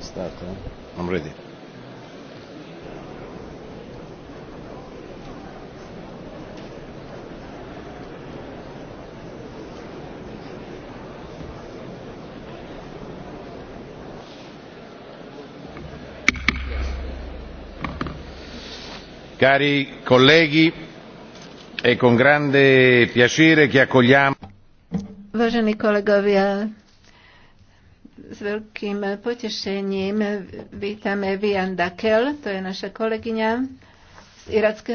Start, huh? I'm ready. Cari colleghi, E Vážení kolegovia, s veľkým potešením vítame Vian Dakel, to je naša kolegyňa z irackého